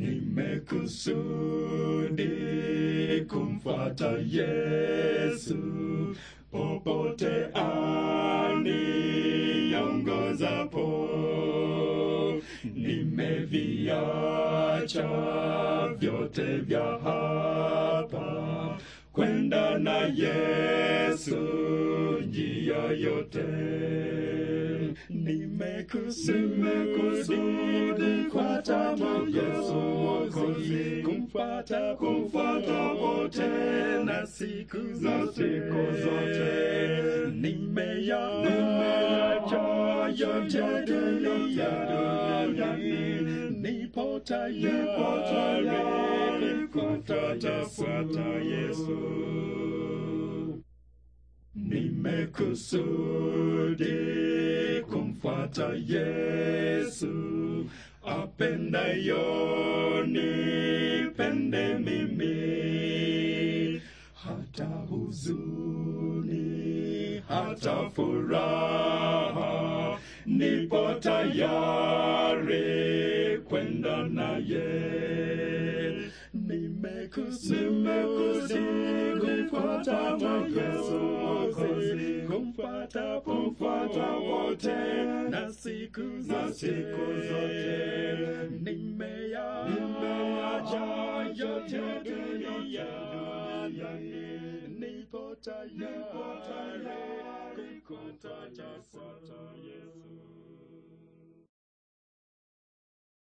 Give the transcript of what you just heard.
nimekusudi kumfuata Yesu popote aniongozapo, nimeviacha vyote vya hapa kwenda na Yesu njia yote ni Nimekusudi kupata Yesu Mwokozi, kumpata kumfuata wote na siku zote, zote. Nimeacha yote ya nipo ya kumfuata Yesu. Nimekusudi kumfuata Yesu apendayo nipende mimi, hata huzuni, hata furaha, nipo tayari kwenda naye. Nimekusiku kumfuata Yesu, zote na siku zote nimeyaja yote duniani nipo tayari kukutajasa